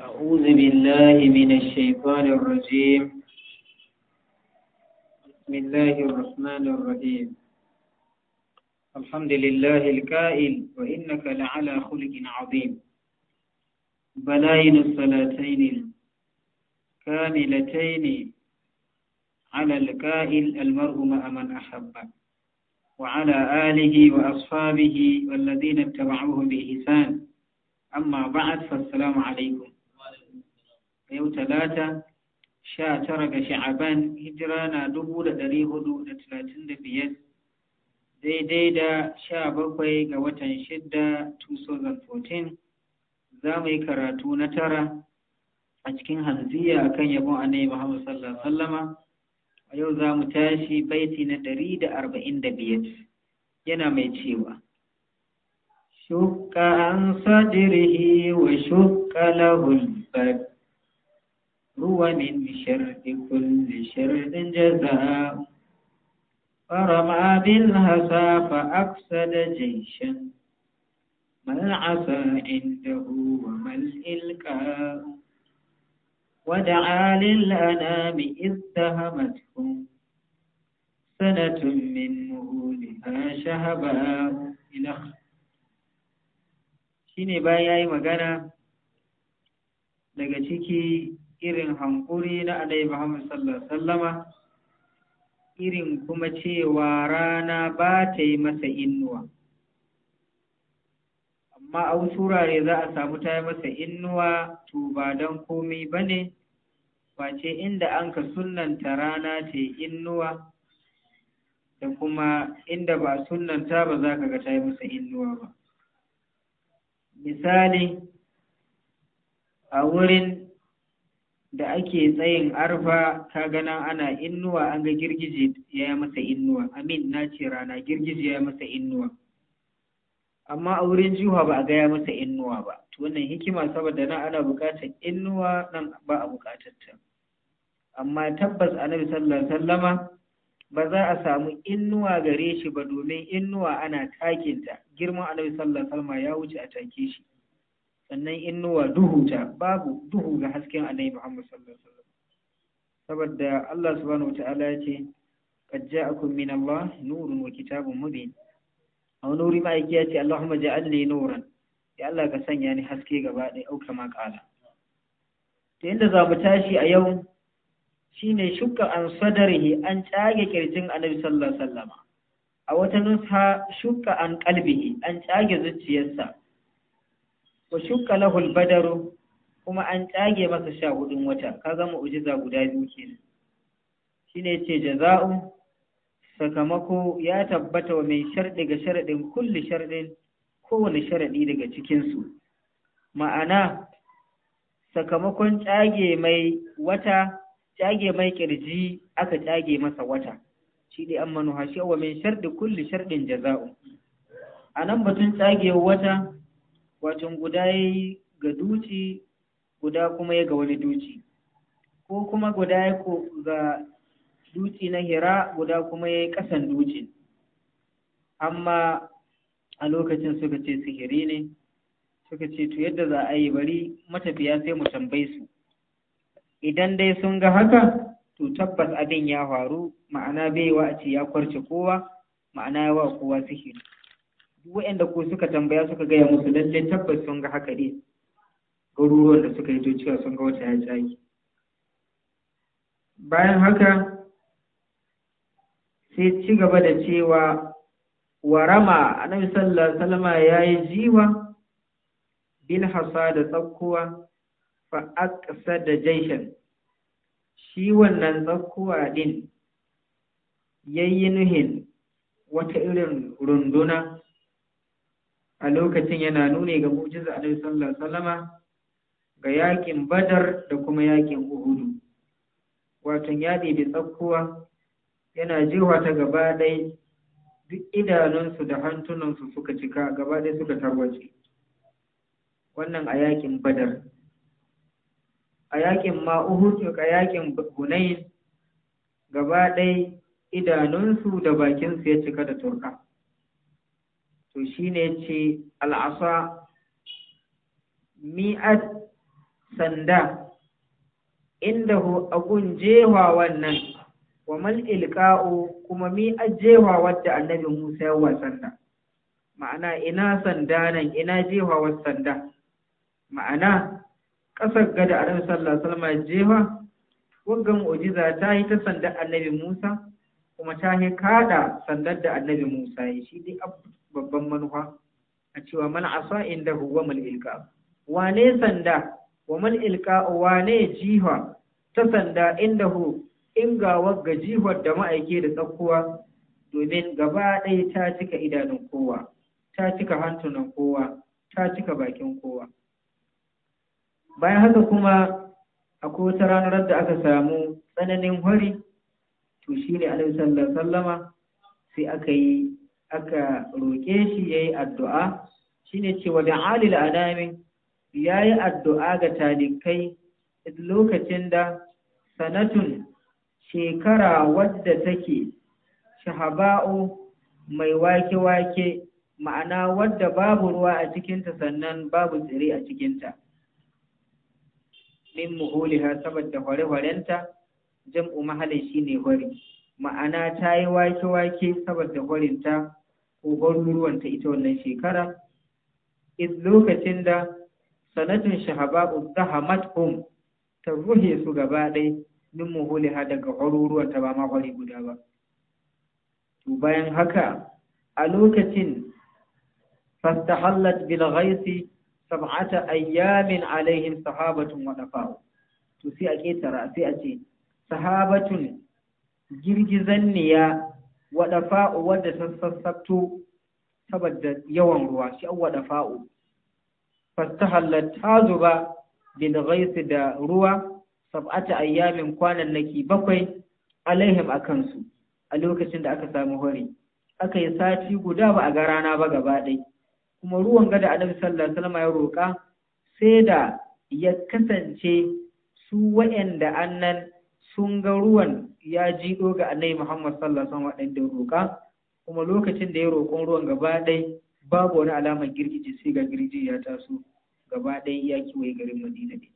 أعوذ بالله من الشيطان الرجيم بسم الله الرحمن الرحيم الحمد لله الكائل وإنك لعلى خلق عظيم بلاين الصلاتين الكاملتين على الكائل المرء مع من أحبه وعلى آله وأصحابه والذين اتبعوه بإحسان أما بعد فالسلام عليكم yau talata sha tara ga sha'aban hijira na dubu da ɗari hudu da talatin da biyar daidai da sha bakwai ga watan shidda 2014 za mu yi karatu na tara a cikin hanziya akan yabon annabi muhammad sallallahu a yau za mu tashi baiti na ɗari da arba'in da biyar yana mai cewa شك عن صدره وشك له البد هو من شر كل شر جزاء فرمى بالهسى فأفسد جيشا ما العسى عنده وما الإلكاء ودعا للأنام إذ تهمتهم سنة من لها شهباء إلى shine bayan yayi magana daga ciki irin hankuri na Alayhi Muhammad sallallahu alaihi wasallama irin kuma cewa rana ba ta yi masa innuwa amma a wasu wurare za a samu ta yi masa innuwa to ba don komai ba ne face inda an ka sunanta rana ta yi innuwa da kuma inda ba sunanta ba za ka ga ta yi masa innuwa ba misali a wurin da ake tsayin arfa ka gana ana innuwa an ga girgije ya yi masa innuwa amin na ce rana girgije ya yi masa innuwa amma a wurin jiha ba a ga ya masa innuwa ba to wannan hikima saboda nan ana buƙatar innuwa nan ba a buƙatar ta amma tabbas annabi sallallahu alaihi wasallama ba za a samu innuwa gare shi ba domin innuwa ana takinta girman annabi sallallahu alaihi wasallam ya wuce a take shi sannan innuwa duhu ta babu duhu ga hasken annabi Muhammad sallallahu alaihi wasallam saboda Allah subhanahu wataala ya ce qad ja'akum min Allah nurun wa kitabun mubin aw nuri ma yake ya ce Allahumma ja'alni nuran ya Allah ka sanya ni haske gaba ɗaya auka ma ƙala ta inda za mu tashi a yau Shi ne shuka an sadarihi an tsage kirjin annabi sallallahu a wata nusa shuka an kalbihi an tsage zuciyarsa wa shuka lahul badaru kuma an tsage masa sha hudun wata Ka zama ujiza guda biyu Shi ne ce jaza'u sakamako ya tabbata wa mai sharɗi ga sharɗin kulli sharɗin kowane sharaɗi daga cikinsu ma'ana sakamakon tsage mai wata Ƙyage mai ƙirji aka ƙyage masa wata, shi ne an manu shi wa min sharɗi kulli sharɗin jaza'u. A nan batun ƙyage wata, watan guda ya yi ga duci, guda kuma ya ga wani duci. Ko kuma guda ya ga duci na hira, guda kuma ya yi ƙasan duci. Amma a lokacin suka ce sihiri ne, suka ce to yadda za a yi bari matafiya sai mu tambaye su. idan dai sun ga haka to tabbas abin ya faru ma'ana baiwa a ce ya kwarce kowa ma'ana ya wa kowa sihiri duk waɗanda ko suka tambaya suka gaya musu lallai tabbas sun ga haka dai. garuruwan da suka yi to sun ga wata ya tsaki bayan haka sai ci gaba da cewa warama annabi sallallahu alaihi wasallam yayi jiwa bil hasa da tsakkuwa fa da jaishan shi wannan tsakkuwa din yi nuhin wata irin runduna a lokacin yana nuni ga mu'jiza a sallallahu Salama, ga yakin badar da kuma yakin uhudu watan ya da tsakkuwa yana jirwa ta gaba ɗai duk idanunsu da hantunansu suka cika gaba ɗai suka tarwace wannan a yakin badar a yakin ma ka yakin Hunain gaba ɗaya idanunsu da bakinsu ya cika da turka to shine ce al'asa mi'at sanda inda agun jewa wannan wa mal ilqa'u kuma mi'at jewa wadda annabi Musa ya sanda. ma'ana ina sanda nan ina jewa sanda ma'ana ƙasar gada annabi sallallahu alaihi wasallam jefa wagga mu'jiza ta yi ta sanda annabi Musa kuma ta yi kada sandar da annabi Musa yi shi dai babban manufa a cewa man asa inda huwa mal ilqa wane sanda wa mal ilqa wane jiha ta sanda inda hu inga wagga jihar da ma'aike da tsakkuwa domin gaba ɗaya ta cika idanun kowa ta cika hantunan kowa ta cika bakin kowa bayan haka kuma akwai wata ranar da aka samu tsananin hori to shi ne alaihi sallar sallama sai aka yi aka roƙe shi ya yi addu'a shi ne cewa da alil adami ya yi addu'a ga talikai lokacin da sanatun shekara wadda take shahaba'u mai wake-wake ma'ana wadda babu ruwa a cikinta sannan babu tsire a cikinta min muhuliha saboda hore-horenta jam'u mahalin ne hori ma'ana ta yi wake-wake saboda horinta ko horuruwanta ita wannan shekara is lokacin da sanatun shahaba'u zahamat hum ta ruhe su gaba ɗai min muhuliha daga horuruwanta ba ma hori guda ba to bayan haka a lokacin fastahallat bil ghaisi sab'ata ayyamin alaihim sahabatun wa dafa'u to sai a ketara sai a ce sahabatun girgizanniya wa dafa'u wadda ta sassabto saboda yawan ruwa shi an wa dafa'u fastahallat tazuba bin ghais da ruwa sab'ata ayyamin kwanan naki bakwai alaihim a kansu a lokacin da aka samu hori aka yi sati guda ba a ga rana ba gaba ɗaya kuma ruwan gada annabi sallallahu alaihi wasallam ya roƙa sai da ya kasance su an annan sun ga ruwan ya jido ga annabi Muhammad sallallahu alaihi wasallam waɗanda roƙa kuma lokacin da ya roƙon ruwan gaba ɗaya babu wani alamar girgije sai ga girgije ya taso gaba ɗaya ya kiwaye garin Madina ne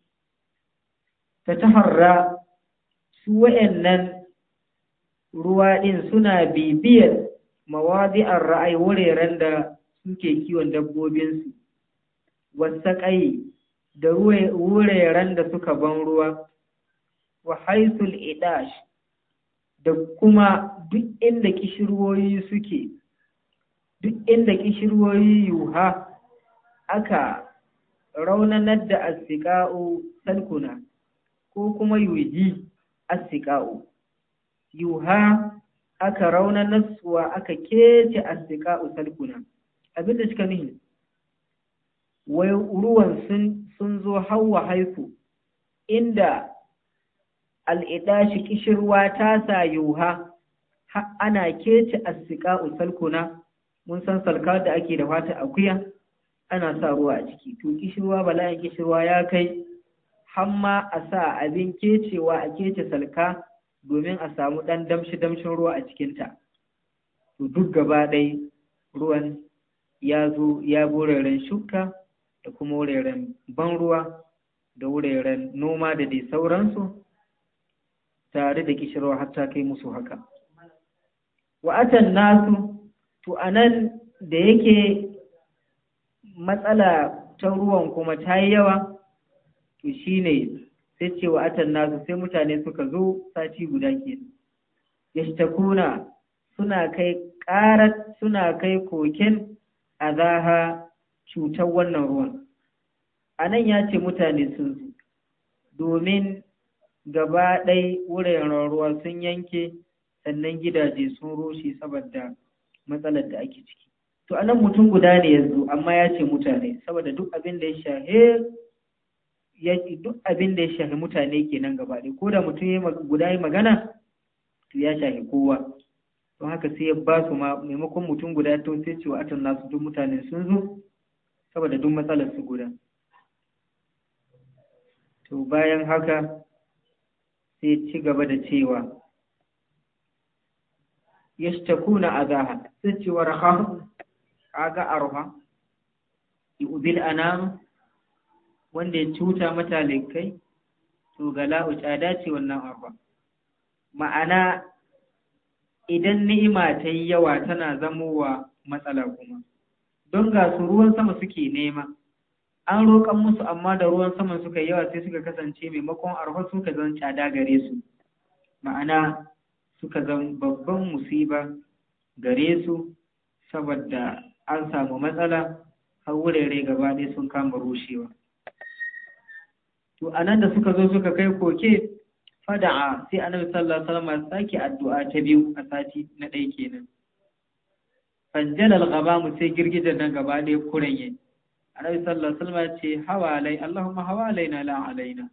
ta taharra su wa'annan ruwa ɗin suna bibiyar mawadi'ar ra'ayi wuraren da suke kiwon dabbobinsu wasaƙai da wuraren da suka ban ruwa wa haisul idash da kuma duk inda kishirwoyi suke duk inda kishirwoyi yuha aka raunanar da asiƙa'u salkuna ko kuma yuhi asika'u yuha aka raunanar suwa aka kece asika'u salkuna abin da suka nihi wai ruwan sun zo hawa haiku inda al'idashi kishirwa ta sayuha ana keci asika usalkuna mun san salka da ake da fata akuya ana sa ruwa a ciki to kishirwa bala'in kishirwa ya kai hamma a sa abin kecewa a kece salka domin a samu ɗan damshi damshin ruwa a cikinta duk gaba ɗai ruwan ya zo ya bi wuraren shuka da kuma wuraren ban ruwa da wuraren noma da dai sauransu tare da kishirwa har kai musu haka wa'atan nasu to anan da yake matsala ta ruwan kuma ta yi yawa to shine sai ce wa'atan nasu sai mutane suka zo sati guda ke yashtakuna suna kai ƙarar suna kai koken azaha cutar wannan ruwan a nan ya ce mutane sun zo domin gaba ɗai wuraren ruwa sun yanke sannan gidaje sun rushe saboda matsalar da ake ciki to a nan mutum guda ne ya zo amma ya ce mutane saboda duk abin da ya shahe ya duk abin da ya shahe mutane kenan gaba ɗai, ko da mutum ya yi magana to ya shahe kowa don haka sai ya ba su maimakon mutum guda ya sai cewa atan nasu duk mutane sun zo saboda duk matsalar su guda to bayan haka sai ci gaba da cewa Ya a za ha sai cewa raham aga arha yubil anam wanda ya cuta mata kai, to gala'u tsada ce wannan arha ma'ana idan ni'ima ta yi yawa tana zamowa matsala kuma don ga su ruwan sama suke nema an roƙan musu amma da ruwan sama suka yi yawa sai suka kasance maimakon arha suka zan cada gare su ma'ana suka zan babban musiba gare su saboda an samu matsala har wurare gaba ɗaya sun kama rushewa to anan da suka zo suka kai koke fada'a sai annabi sallallahu alaihi wasallam ya sake addu'a ta biyu a sati na ɗaya kenan gaba ghabamu sai girgijen nan gaba ɗaya kuranye annabi sallallahu alaihi wasallam ya ce hawalai allahumma hawalaina la alaina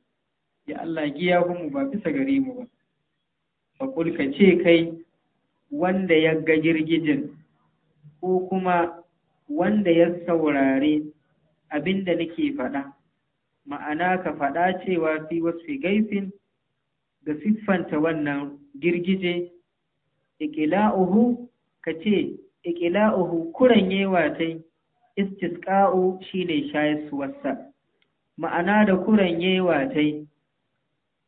ya Allah giya mu ba bisa gare mu ba fa kul ka ce kai wanda ya ga girgijin ko kuma wanda ya saurare abinda nake faɗa ma'ana ka faɗa cewa fi wasu gaifin ga siffanta wannan girgije iqla'uhu kace ikila'uhu kuranyewa tai istisqa'u shine wasa ma'ana da kuranyewa watai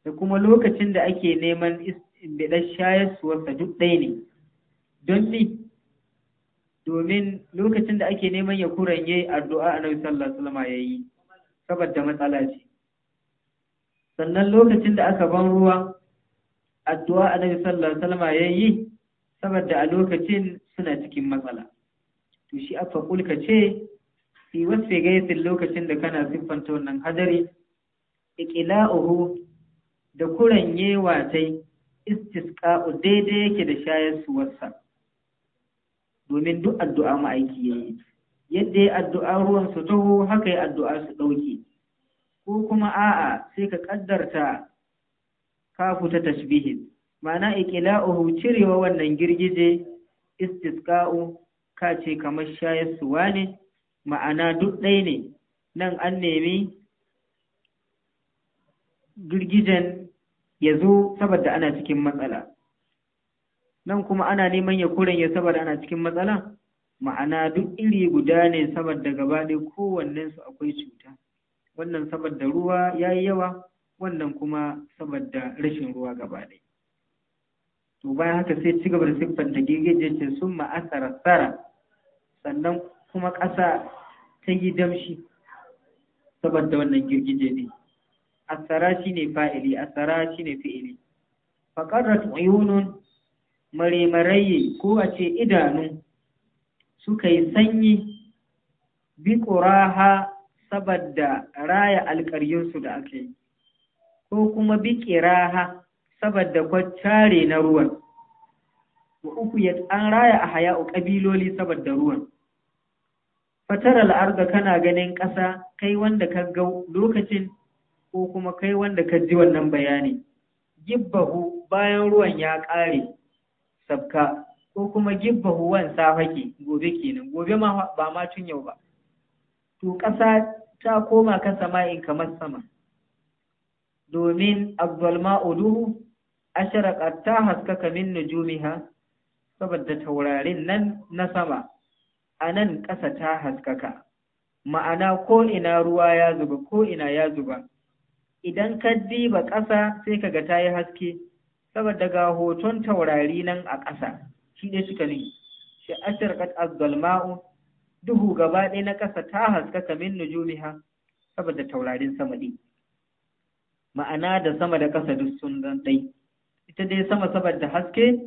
da kuma lokacin da ake neman shayisu wasa duk ɗaya ne don ni domin lokacin da ake neman ya kuranye addu'a annabi sallallahu alaihi wasallam yayi saboda matsala ce sannan lokacin da aka ban ruwa addu'a annabi sallallahu alaihi wasallam yayi saboda a lokacin suna cikin matsala to shi afa kulka ce fi wasfe gaisin lokacin da kana siffanta wannan hadari iqla'uhu da kuran yewa tai istisqa'u daidai yake da shayar suwarsa domin duk addu'a ma'aiki yayi yadda ya addu'a ruwan su taho haka yi addu'a su dauke ko kuma a'a sai ka ƙaddarta kafu ta tashbihin ma'ana iqla'uhu cirewa wannan girgije istisqa'u ka ce kamar shayar suwa ne ma'ana duk ɗaya ne nan an nemi girgijen ya zo saboda ana cikin matsala nan kuma ana neman ya kuren ya saboda ana cikin matsala ma'ana duk iri guda ne saboda gaba ɗaya kowannensu akwai cuta wannan saboda ruwa ya yi yawa wannan kuma saboda rashin ruwa gaba ɗaya to bayan haka sai ci gaba da da gegeje ce sun ma'asara tsara sannan kuma ƙasa ta yi damshi saboda wannan girgije ne asara shi ne fa'ili asara shi ne fi'ili faƙarar tsayunun maremaraye ko a ce idanu suka yi sanyi bi ƙuraha saboda raya alƙaryunsu da aka yi ko kuma raha saboda kwacare na ruwan wa uku ya an raya a haya'u ƙabiloli saboda ruwan fatar al'arda kana ganin ƙasa kai wanda ka ga lokacin ko kuma kai wanda ka ji wannan bayani gibbahu bayan ruwan ya ƙare sabka ko kuma gibbahu wan safake gobe kenan gobe ma ba ma tun yau ba to ƙasa ta koma kan sama'in kamar sama domin abdulma oduhu asharaqat ta haskaka min nujumiha saboda taurarin nan na sama a nan ƙasa ta haskaka ma'ana ko ina ruwa ya zuba ko ina ya zuba idan ka diba ƙasa sai kaga ta yi haske saboda ga hoton taurari nan a ƙasa shi ne suka ne shi asharqat az duhu gaba ɗaya na ƙasa ta haskaka min nujumiha saboda taurarin sama ɗin ma'ana da sama da ƙasa duk sun zan ɗai ita dai sama saboda haske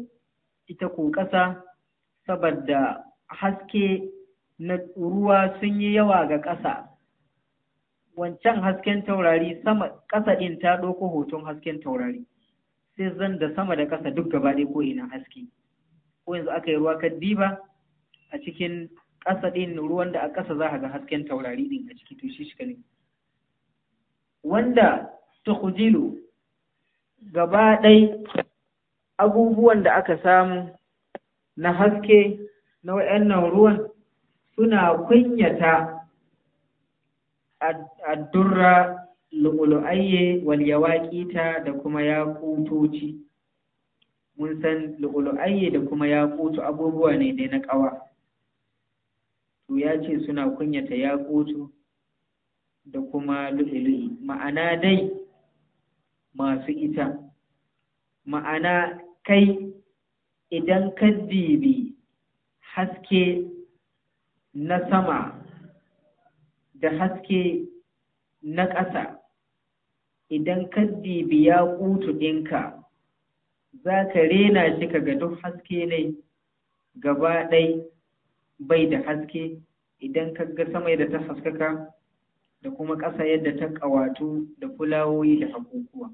ita ko ƙasa saboda haske na ruwa sun yi yawa ga ƙasa wancan hasken taurari sama ƙasa ɗin ta ɗauko hoton hasken taurari sai zan da sama da ƙasa duk gaba ɗaya ko ina haske ko yanzu aka yi ruwa ba a cikin ƙasa ɗin ruwan da a ƙasa za a ga hasken taurari ɗin a ciki to shi shi ne wanda tukhjilu gaba ɗai abubuwan da aka samu na haske na wayannan ruwan suna kunyata addurra lu'ulu'ayye wal yawaƙita da kuma yaƙutoci mun san lu'ulu'ayye da kuma yaƙutu abubuwa ne dai na ƙawa to ya ce suna kunyata yakutu da kuma lu'ilu'i ma'ana dai masu ita ma'ana kai idan ka dibi haske na sama da haske na ƙasa idan ka dibi ya ƙutu ɗinka za ka rena shi ka ga duk haske ne gaba ɗai bai da haske idan ka ga sama da ta haskaka da kuma ƙasa yadda ta ƙawatu da fulawoyi da abubuwa.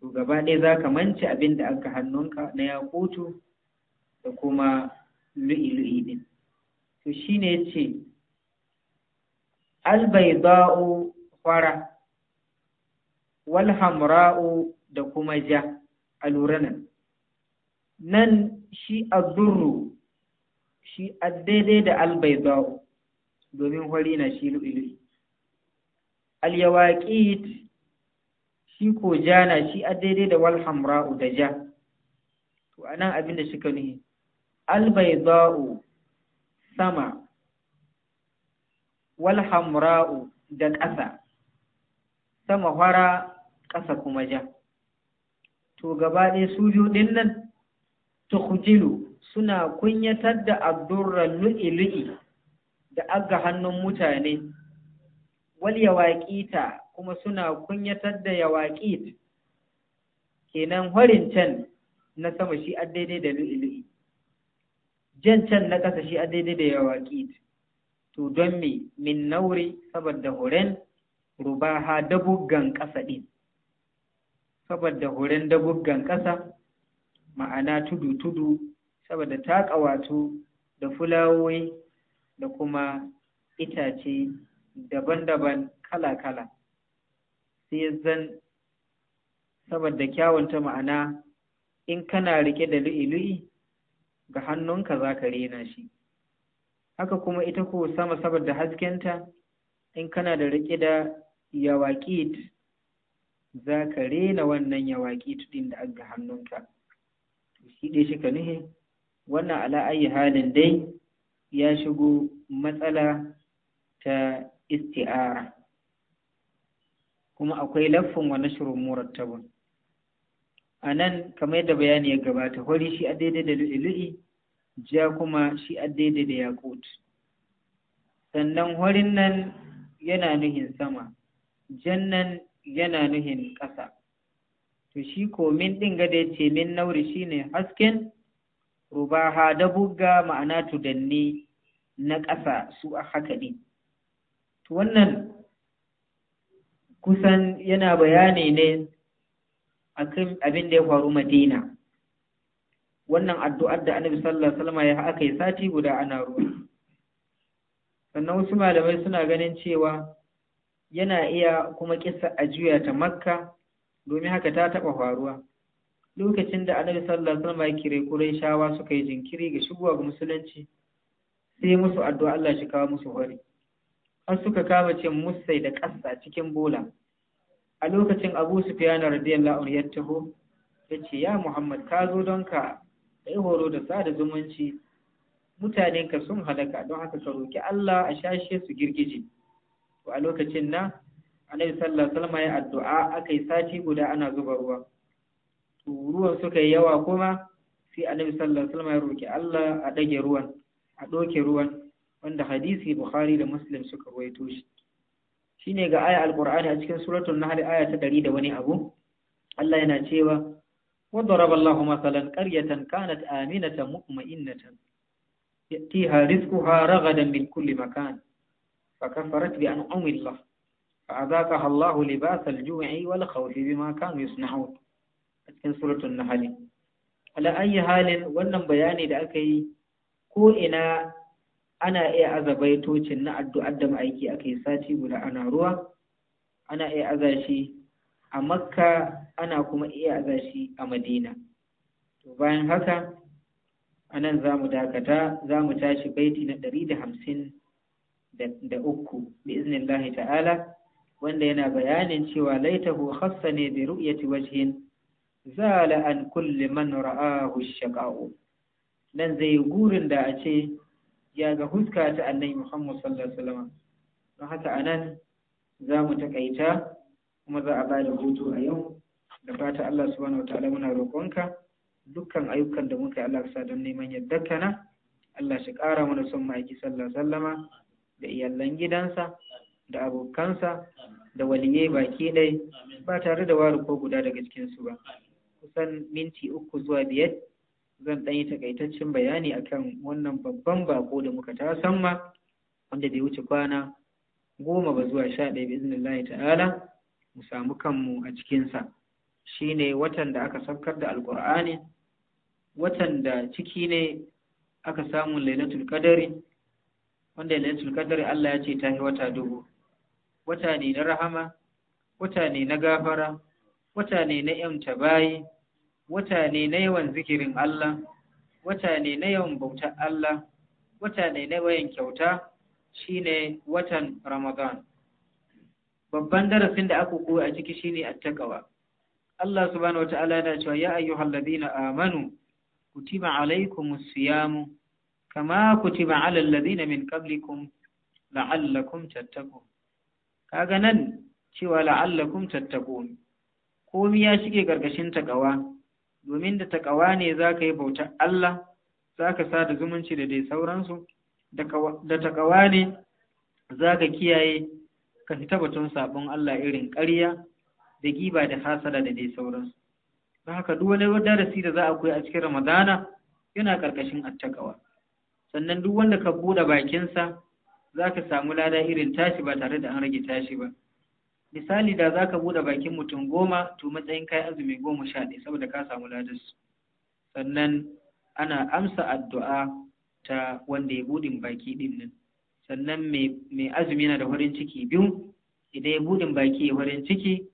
to gaba ɗaya za ka mance abin da aka hannunka na yakutu da kuma lu'i-lu'i ɗin to shi ne ce albaida'u fara walhamra'u da kuma ja a lura nan nan shi azurru shi daidai da albaidau domin hori na shi lu'ilu'i alyawaƙid shi ko jana shi daidai da walhamra'u da ja to anan abin da suka nuhi albaidau sama walhamra'u da ƙasa sama fara ƙasa kuma ja to gaba ɗaya su biyu ɗin nan tukhjilu suna kunyatar da abdurran lu'i-lu'i da aga hannun mutane, wal yawaƙita kuma suna kunyatar da yawaƙit, kenan horin can na sama shi a daidai da lui jan can na ƙasa shi a daidai da yawaƙit, to don me min nauri saboda horen rubaha dabuggan ƙasa ɗin, saboda huren dabuggan ƙasa ma'ana tudu-tudu saboda ta ƙawato da fulawoyi da kuma itace daban-daban kala-kala sai zan saboda kyawunta ma'ana in kana rike da lu'i-lu'i ga hannunka za ka rena shi haka kuma ita ko sama saboda haskenta in kana da rike da yawaƙit za ka rena wannan yawaƙit ɗin da ga hannunka shi dai shi ka nuhe wannan ala ayi halin dai ya shigo matsala ta isti'ara kuma akwai laffin wani nashrun murattabun a nan kamar yadda bayani ya gabata hori shi a daidai da lu'ilu'i ja kuma shi a daidai da yakut sannan horin nan yana nuhin sama jan nan yana nuhin ƙasa to shi komin ɗin gada ya ce min nauri shine hasken rubaha da buga ma'ana tudanni na ƙasa su a haka ne to wannan kusan yana bayani ne akan abin da ya faru madina wannan addu'ar da annabi sallallahu alaihi ya haka yi sati guda ana ruwa sannan wasu malamai suna ganin cewa yana iya kuma kissa a juya ta makka domin haka ta taɓa faruwa lokacin da annabi sallallahu alaihi wasallam ya kire Qurayshawa suka yi jinkiri ga shigowa ga musulunci sai musu addu'a Allah shi kawo musu hori. har suka kama cin musai da ƙasa cikin bola a lokacin Abu Sufyan radiyallahu anhu ya taho yace ya Muhammad ka zo don ka dai horo da sada zumunci Mutanen ka sun halaka don haka ka roki Allah a shashe su girgije to a lokacin na, Annabi sallallahu alaihi wasallam ya addu'a akai sati guda ana zuba ruwa to ruwan suka yi yawa kuma sai annabi sallallahu alaihi ya roki Allah a dage ruwan a doke ruwan wanda hadisi Bukhari da Muslim suka rawaito shi ne ga aya alqur'ani a cikin suratun nahl aya ɗari da wani abu Allah yana cewa wa daraba Allahu masalan qaryatan kanat aminatan mu'minatan yatiha rizquha ragadan min kulli makan fakafarat bi an'amillah fa'adhaqaha Allahu libas al-ju'i wal khawfi bima kanu yasnahun a cikin suratul nahl ala ayi halin wannan bayani da aka yi ko ina ana iya aza baitocin na addu'ar da aiki aka yi sati guda ana ruwa ana iya aza shi a makka ana kuma iya aza shi a madina to bayan haka anan nan za mu dakata za mu tashi baiti na ɗari da hamsin da uku bi iznillahi ta'ala wanda yana bayanin cewa laitahu khassa ne bi ru'yati wajhin zala an kulli man ra'ahu shaqa'u nan zai gurin da a ce ya ga huska ta annabi Muhammad sallallahu alaihi wasallam don haka anan za mu takaita kuma za a bada hutu a yau da fata Allah subhanahu wataala muna roƙonka dukkan ayyukan da muka yi Allah sa don neman yaddarka na Allah shi ƙara mana son maki sallallahu alaihi wasallama da iyalan gidansa da abokansa da waliyai baki ɗai ba tare da wari ko guda daga cikin su ba kusan minti uku zuwa biyar zan ɗan yi takaitaccen bayani a kan wannan babban bako da muka ta samma wanda bai wuce kwana goma ba zuwa sha ɗaya biznillahi ta'ala mu samu kanmu a cikinsa shine watan da aka saukar da alƙur'ani watan da ciki ne aka samu lailatul qadari wanda lailatul qadari Allah ya ce ta yi wata dubu wata ne na rahama wata ne na gafara wata ne na yamta bayi wata ne na yawan zikirin Allah wata ne na yawan bautar Allah wata ne na yawan kyauta Shi ne watan Ramadan babban darasin da aka koya a ciki shi shine attaqwa Allah subhanahu wataala yana cewa ya ayyuhalladhina amanu Ku kutiba alaykumus siyamu kama kutiba alal ladina min qablikum la'allakum tattako. kaga nan cewa la'allakum tattako. komi ya shige gargashin takawa domin da takawa ne za ka yi bautar Allah za ka sa da zumunci da dai sauransu da takawa ne za ka kiyaye ka fita batun sabon Allah irin ƙarya da giba da hasada da dai sauransu ba haka duk wani darasi da za a koyi a cikin ramadana yana ƙarƙashin attakawa sannan duk wanda ka buɗe bakinsa za ka samu lada irin tashi ba tare da an rage tashi ba misali da za ka buɗe bakin mutum goma to matsayin kai azumi goma sha ɗaya saboda ka samu ladis sannan ana amsa addu'a ta wanda ya buɗin baki ɗin nan sannan mai azumi yana da farin ciki biyu idan ya buɗin baki ya farin ciki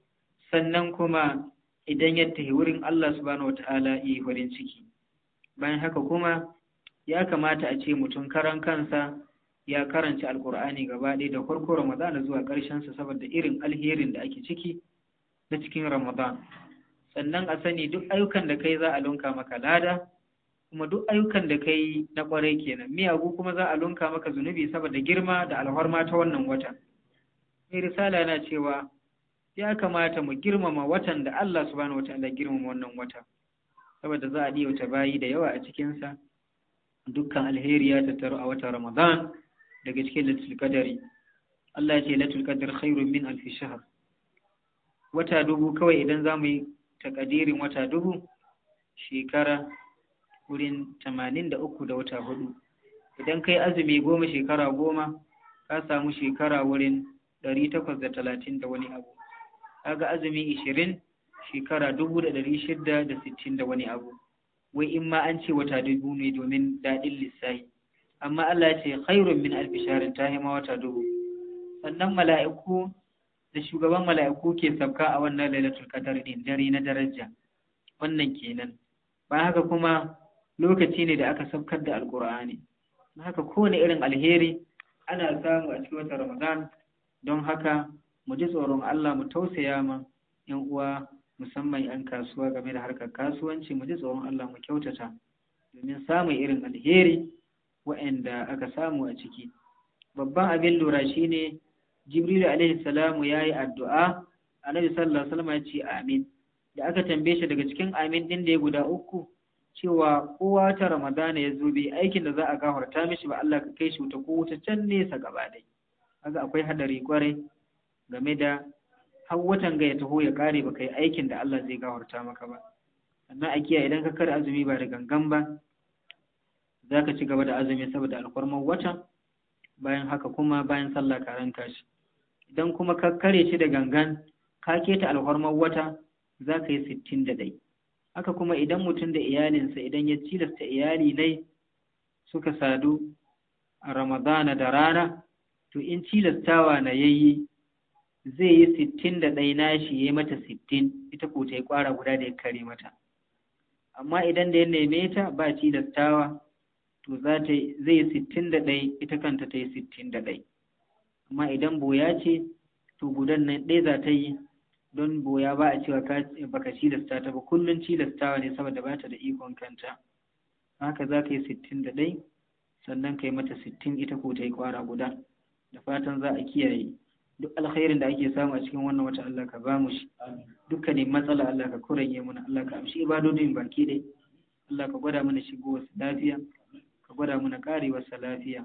sannan kuma idan ya tafi wurin Allah subhanahu wata'ala ya farin ciki bayan haka kuma ya kamata a ce mutum karan kansa ya karanci alkur'ani gaba ɗaya da farko ramadana zuwa ƙarshensa saboda irin alherin da ake ciki na cikin ramadan sannan a sani duk ayyukan da kai za a lunka maka lada kuma duk ayyukan da kai na ƙwarai kenan miyagu kuma za a lunka maka zunubi saboda girma da alhorma ta wannan wata mai risala yana cewa ya kamata mu girmama watan da Allah subhanahu wataala girmama wannan wata saboda za a ɗiya bayi da yawa a cikinsa dukkan alheri ya tattaru a watan ramadan daga cikin latul qadari Allah ya ce latul qadar khairu min alf shahr wata dubu kawai idan zamu yi takadirin wata dubu shekara wurin 83 da wata hudu idan kai azumi goma shekara goma ka samu shekara wurin 830 da wani abu kaga azumi 20 shekara 1660 da wani abu wai in ma an ce wata dubu ne domin daɗin lissahi amma Allah ya ce khairun min albisharin ta hima wata dubu sannan mala'iku da shugaban mala'iku ke sabka a wannan lailatul qadar din dare na daraja wannan kenan ba haka kuma lokaci ne da aka sabkar da alqur'ani haka kowane irin alheri ana samu a cikin ramadan don haka mu ji tsoron Allah mu tausaya ma yan uwa musamman yan kasuwa game da harkar kasuwanci mu ji tsoron Allah mu kyautata domin samun irin alheri wa'anda aka samu a ciki babban abin lura shine jibril alaihi salamu yayi addu'a annabi sallallahu alaihi wasallam ya ce amin da aka tambaye shi daga cikin amin din da ya guda uku cewa kowa ta ramadana ya zo bai aikin da za a gafarta mishi ba Allah ka kai shi wuta ko wuta can nesa gaba dai kaga akwai hadari kwarai game da har watan ga ya taho ya kare ba kai aikin da Allah zai gafarta maka ba sannan a kiyaye idan ka kar azumi ba da gangan ba za ka ci gaba da azumi saboda alfarmar wata bayan haka kuma bayan sallah ka ranka shi idan kuma ka kare shi da gangan ka keta alfarmar wata za ka yi sittin da dai haka kuma idan mutum da iyalinsa idan ya cilasta iyali ne suka sadu a ramadana da rana to in cilastawa na yayi zai yi sittin da ɗai nashi ya yi mata sittin ita ko ta yi ƙwara guda da ya kare mata amma idan da ya neme ta ba cilastawa to zai yi sittin da ɗai ita kanta ta yi sittin da ɗai amma idan boya ce to gudan nan ɗai za ta yi don boya ba a cewa baka cilasta ta ba kullum cilastawa ne saboda ba ta da ikon kanta haka za ka yi sittin da ɗai sannan ka yi mata sittin ita ko ta yi kwara guda da fatan za a kiyaye duk alkhairin da ake samu a cikin wannan wata Allah ka ba mu shi dukkanin matsala Allah ka kurenye mana Allah ka amshi ibadodin baki ɗai Allah ka gwada mana shigo lafiya gwada mana wasu lafiya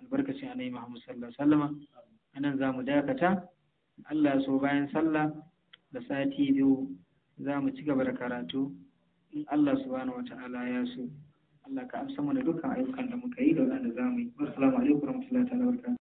albarkacin annabi Muhammad sallallahu alaihi wasallama za mu dakata Allah so bayan sallah da sati biyu za mu ci gaba da karatu in Allah subhanahu wata'ala ya so Allah ka amsa mana dukkan ayyukan da muka yi da wanda za mu yi assalamu alaikum warahmatullahi ta'ala